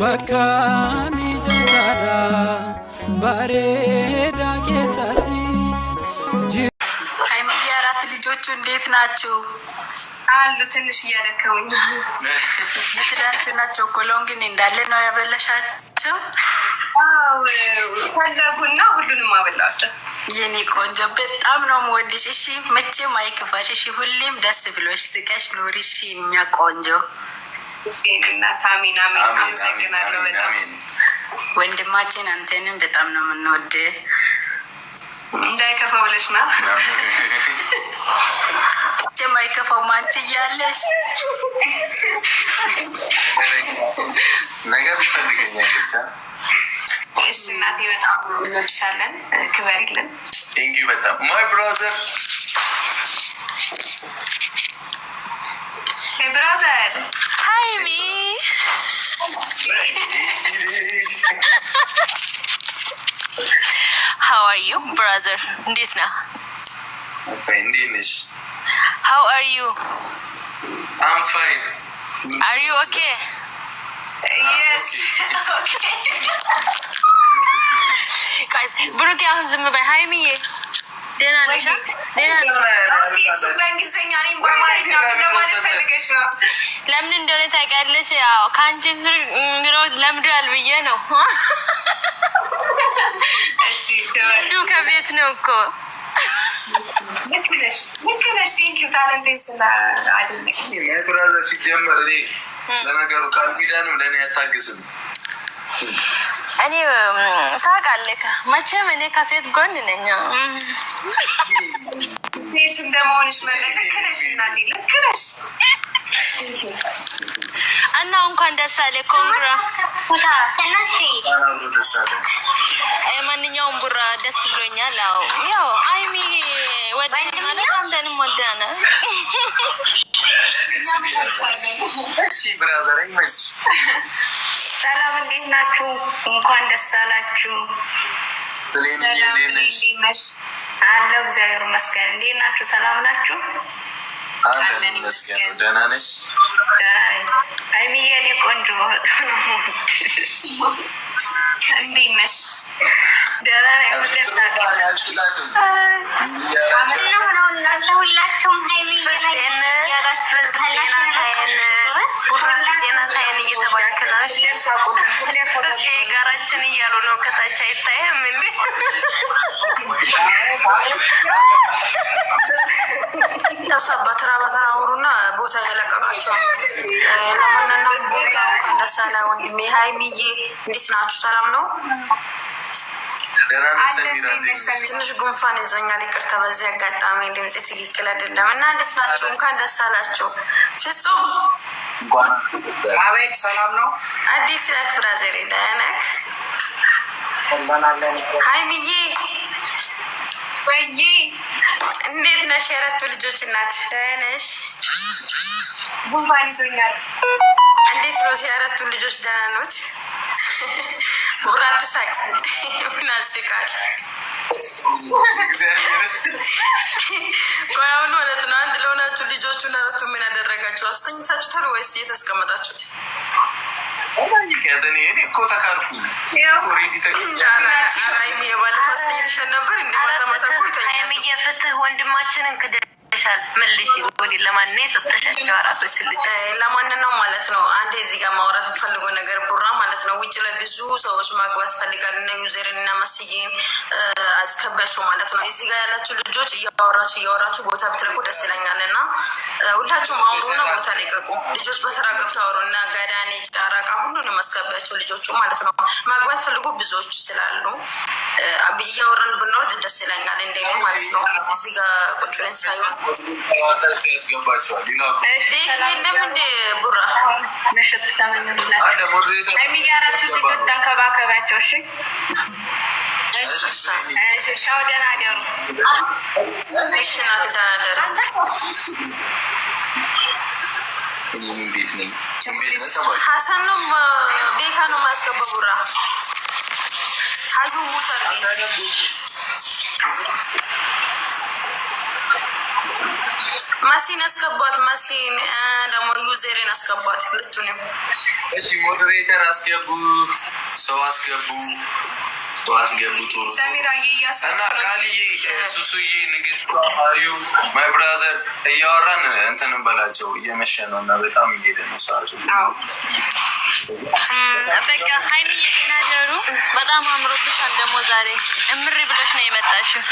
bakka mijaataadha bareedaa keessatti. ሀይሚዬ አራት ልጆቹ እንዴት ናቸው አሉ። ትንሽ እያደከሙኝ የትናንትናቸው እኮ ሎንግን እንዳለ ነው ያበለሻቸው። ፈለጉና ሁሉንም አበላቸው። የኔ ቆንጆ በጣም ነው የምወድሽ። እሺ መቼም አይክፋሽ። እሺ ሁሌም ደስ ብሎሽ ስቀሽ ኖሪ። እሺ እኛ ቆንጆ ሁሴን አሜን። አመሰግናለሁ በጣም ወንድማችን፣ አንተንም በጣም ነው የምንወድ። እንዳይከፋ ብለሽ ና የማይከፋው ማንት እያለሽ ነገር ትፈልገኛለች። እሺ እናቴ በጣም እንወድሻለን። ክበሪልን። ቴንኪው በጣም ማይ ብሮዘር Hey, brother. Hi, me. How are you, brother? Disna. Fine, How are you? I'm fine. Are you okay? yes. Okay. Guys, bro, क्या हम Hi me. ደህና ነሽ? ለምን እንደሆነ ታውቂያለሽ? ያው ከአንቺ ስር ለምዷል ብዬ ነው። እንዱ ከቤት ነው እኮ ሲጀመር ለነገሩ ቃል ኪዳንም ለእኔ አታግዝም እኔ ታውቃለህ፣ መቼም እኔ ከሴት ጎን ነኝ። ሴት እንደመሆንሽ ልክ ነሽ እናቴ፣ ልክ ነሽ እና እንኳን ደስ አለ። ኮንግራ ማንኛውም ቡራ ደስ ብሎኛል። ው ያው አይሚ ወደ ማለት አንተንም ወደ ሰላም እንዴት ናችሁ? እንኳን ደስ አላችሁ። ሰላም ነሽ? አለው እግዚአብሔር ይመስገን። እንዴት ናችሁ? ሰላም ናችሁ? ደህና ነሽ? ቆንጆ እንዴት ነሽ? ጋራችን እያሉ ነው። ከታች አይታየም እንዴ? በተራ ቦታ ያለቀባቸዋል። ለማንኛውም ደሳላ እንዴት ናችሁ? ሰላም ነው? ትንሽ ጉንፋን ይዞኛል፣ ይቅርታ። በዚህ አጋጣሚ ድምፅ ትክክል አይደለም እና እንዴት ናቸው? እንኳን ደስ አላቸው። ፍጹም አቤት፣ ሰላም ነው። አዲስ ላይፍ ብራዘር ዳያነክ ሀይሚዬ ወይ እንዴት ነሽ? የአራቱ ልጆች እናት ዳያነሽ ጉንፋን ይዞኛል። እንዴት ነው? የአራቱ ልጆች ደህና ነዎት? ቡራ ትሳቅ ምናስቃል። ቆይ አሁን ማለት ነው አንድ ለሆናችሁ ልጆቹ ነረቱ ምን ያደረጋችሁ አስተኝታችሁታል ወይስ እየተስቀመጣችሁት? ባለፈው አስተኝተሽ ነበር እንደ ማታ ማታ እኮ ይተኛል። ፍትህ ወንድማችንን ክደ ሰጥተሻል መልሽ ወዲ ለማን ሰጥተሻቸው አራቶች ልጅ ለማን ነው ማለት ነው። አንዴ እዚህ ጋር ማውራት ፈልጎ ነገር ቡራ ማለት ነው። ውጭ ላይ ብዙ ሰዎች ማግባት ፈልጋል እና ዩዘርን እና መስዬን አስከባቸው ማለት ነው። እዚህ ጋር ያላችሁ ልጆች እያወራችሁ እያወራችሁ ቦታ ብትለቁ ደስ ይለኛል እና ሁላችሁም አውሩና ቦታ ልቀቁ። ልጆች በተራገብተው አውሩ እና ጋዳኔ ጫራቃ ሁሉንም አስከባቸው ልጆቹ ማለት ነው። ማግባት ፈልጎ ብዙዎች ስላሉ እያወራን ብንወርድ ደስ ይለኛል እንደኔ ማለት ነው። እዚህ ጋር ቁጭ ብለን ሳይሆን ያስገባቸዋል። ተንከባከባቸው። ደህና ደሩ። እሺ እናት ነው ቤካ ነው የማያስገባው ቡራ ሀዩ ሙሰ መሲን አስገባት። መሲን ደግሞ ዩዘሬን አስገባት። ልቱን እሺ፣ ሞዴሬተር አስገቡ፣ ሰው አስገቡ፣ ሰው አስገቡ። ቶሎ እና ቃልዬ፣ ሱሱዬ፣ ንግስት፣ አዩ ማይ ብራዘር እያወራን እንትን በላቸው። እየመሸ ነው እና በጣም እየሄደ ነው ሰዓቱ። በቃ ሀይሚ፣ የጤና ደሩ በጣም አምሮብሻል። ደግሞ ዛሬ እምር ብለሽ ነው የመጣሽው።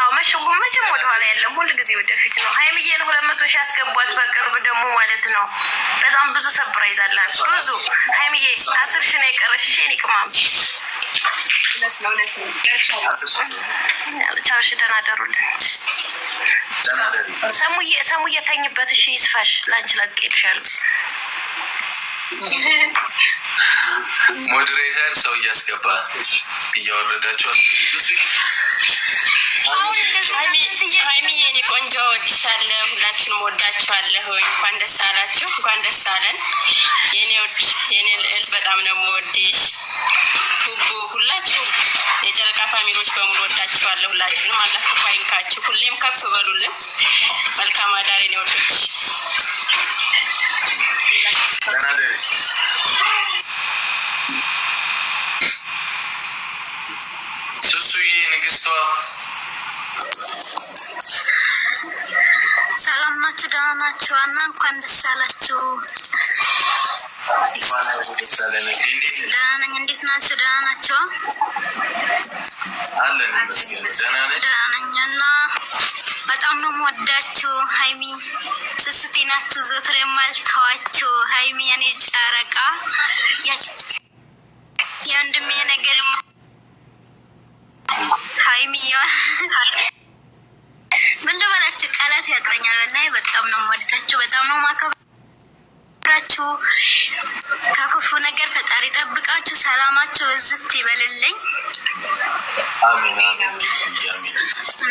አዎ መቼም ወደኋላ የለም፣ ሁል ጊዜ ወደፊት ነው። ሀይሚዬን ሁለት መቶ ሺህ አስገቧት። በቅርብ ደግሞ ማለት ነው በጣም ብዙ ሰብራይዝ አላት። ብዙ ሀይሚዬ አስር ሺህ ነው የቀረሽ። ሼን ይቅማም። ቻው፣ እሺ፣ ደህና ደሩልን። ሰሙዬ ሰሙዬ ተኝበት። እሺ፣ ይስፋሽ። ለአንቺ ለቅቄልሻለሁ ሞዴሬተር ሰው እያስገባ እያወረዳቸው ሀይሚዬ፣ እኔ ቆንጆ ወድሻለሁ። ሁላችሁንም ወዳችኋለሁ። እንኳን ደስ አላችሁ፣ እንኳን ደስ አለን። የኔ ወድሽ የኔ ልዕልት በጣም ነው የምወድሽ። ሁቡ ሁላችሁ የጨረቃ ፋሚሎች በሙሉ ወዳችኋለሁ። ሁላችሁንም አላህ ፋይንካችሁ፣ ሁሌም ከፍ በሉልን። መልካም አዳር ነው ወዶች ሰላም ናችሁ? ደህና ናችሁ? እና እንኳን ደስ አላችሁ። ደህና ነኝ። እንዴት ናችሁ? ደህና ናችሁ? ደህና ነኝ እና በጣም ነው የምወዳችሁ። ሀይሚ ስስቴ ናችሁ። ዘወትር የማልተዋችሁ ሀይሚ የኔ ጨረቃ የወንድሜ ነገር ሀይሚ ምን ልበላችሁ፣ ቃላት ያጥረኛል። እና በጣም ነው የምወዳችሁ፣ በጣም ነው ማከብራችሁ። ከክፉ ነገር ፈጣሪ ጠብቃችሁ፣ ሰላማችሁ እዝት ይበልልኝ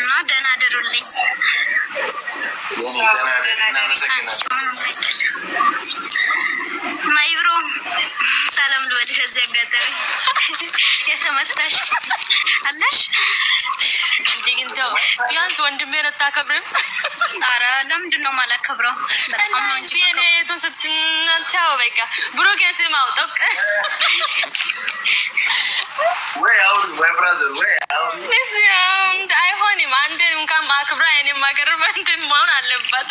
እና ደህና ደሩልኝ። ማይብሮ ሰላም ልበልሽ። በዚህ አጋጣሚ የተመታሽ አለሽ ቢያንስ ቢያንስ ወንድሜን ከብርም አረ ለምንድን ነው የማላከብረው? ስትናንተው በቃ ብሩክ ስም አውጠቅ አይሆንም። አንድ እንኳን አክብራ የኔም ሀገር እንትን መሆን አለባት።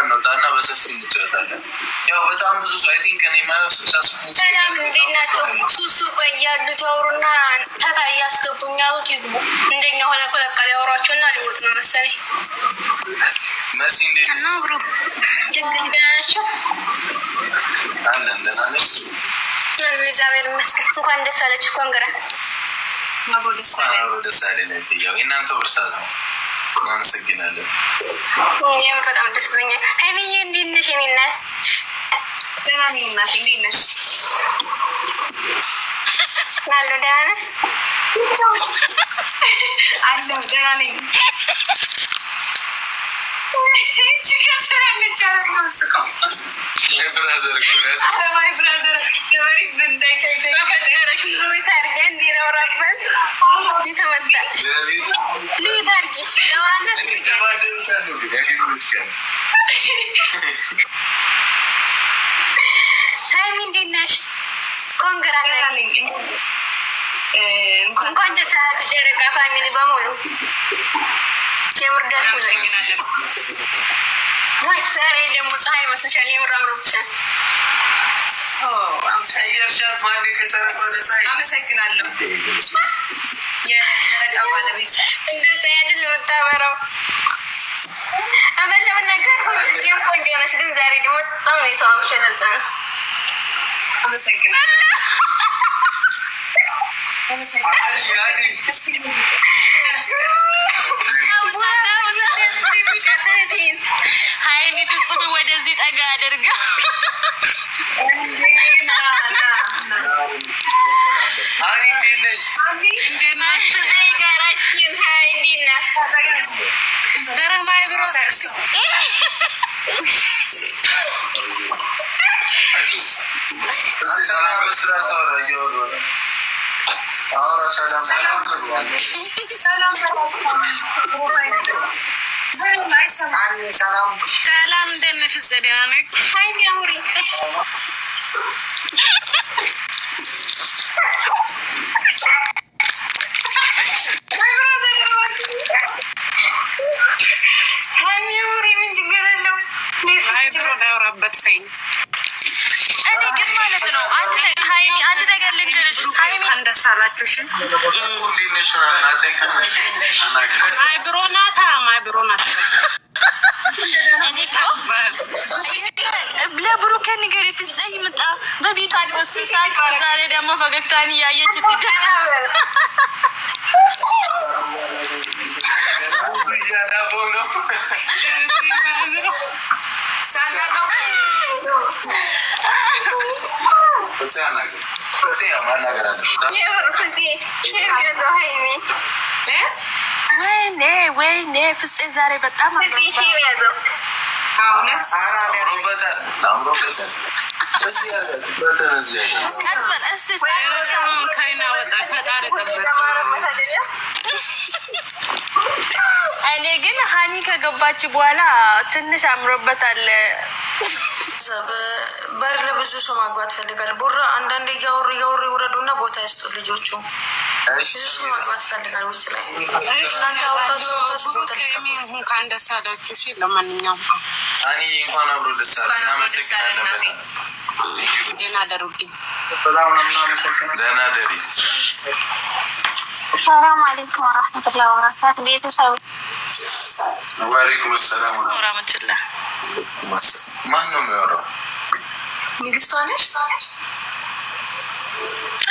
እናንወጣና በሰፊው እንጫወታለን። ያው በጣም ብዙ ሰው አይ ቲንክ እኔ ማለት ስልሳ ስምንት ሰላም፣ እንዴት ናቸው? ሱሱ ቆይ ያሉት ያወሩና ተታ እያስገቡኝ ያሉት ይግቡ። እንደኛ ሁለት ሁለት ቃል እና ሊወጡ ነው መሰለኝ። መሲ እንዴት እና ብሩ ችግር ደህና ናቸው አለን። ደህና ነሽ? እግዚአብሔር ይመስገን። እንኳን ደስ አለች። ኮንግራ ደስ አለ። እናንተው ብርታት ነው እናመሰግናለን። ይህም በጣም ደስ ብሎኛል። ሀይሚዬ እንዴት ነሽ? የእኔ እናት ደህና ነኝ። እናት እንዴት ነሽ? አለሁ። ደህና ነሽ? አለሁ። ደህና ነኝ። ብራዘር ክርስቲያን ነው ነሽ? ኮንግራ እንኳን ደስ አላችሁ ፋሚሊ በሙሉ የምርዳት ወይ ዛሬ ፀሐይ መስሻል የምር አምሮብሻል። አመሰግናለሁ። እንደዛ አይደል የምታበረው አብዛኛውን ነገር ግን ቆንጆ ነች፣ ግን ዛሬ ደግሞ በጣም ነው የተዋብሽ። ለዛ አመሰግናለሁ። ሀይሚ ትጽብ ወደዚህ ጠጋ አድርገው ሰላም እንደነት ዘዴና ነው። ሀይሚ አውሪ እንዳትሰኝ። እኔ ግን ማለት ነው አንድ ነገር ልንገርሽ፣ ማይ ብሮ ናታ፣ ማይ ለብሩኬ ንገሪ ፍጽይ ምጣ በቤቷ ውስጥ ዛሬ ደግሞ ፈገግታን እያየች ትገና ወይኔ ወይኔ ፍፄ ዛሬ በጣም ቀጥበል እስቲ እኔ ግን ሀኒ ከገባች በኋላ ትንሽ አምሮበታል። በር ለብዙ ሰው ማግባት ፈልጋል። ቡራ አንዳንዴ እያወሩ እያወሩ ይውረዱና ቦታ ይስጡ ልጆቹ። ብዙ ሰው ማግባት ፈልጋል ውጭ ላይ እንኳን ደስ አላችሁ። እሺ፣ ለማንኛውም ደህና ደሩልኝ። ደህና ደሪ ሰላም አለይኩም ወራህመቱላሂ ወበረካቱ ቤተሰብ ወአለይኩም ሰላም ወራህመቱላህ ማን ነው የሚያወራው ንግስቷ ነሽ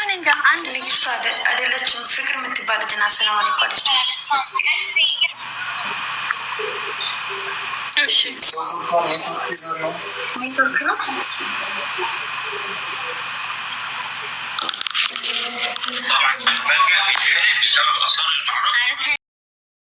እኔ እንጃ አንድ ንግስቷ አይደለችም ፍቅር የምትባል ልጅ ናት ሰላም አለይኩም አለችው ኔትወርክ ነው طبعا الملجأ بيتهيأ بسبب آثار المعركة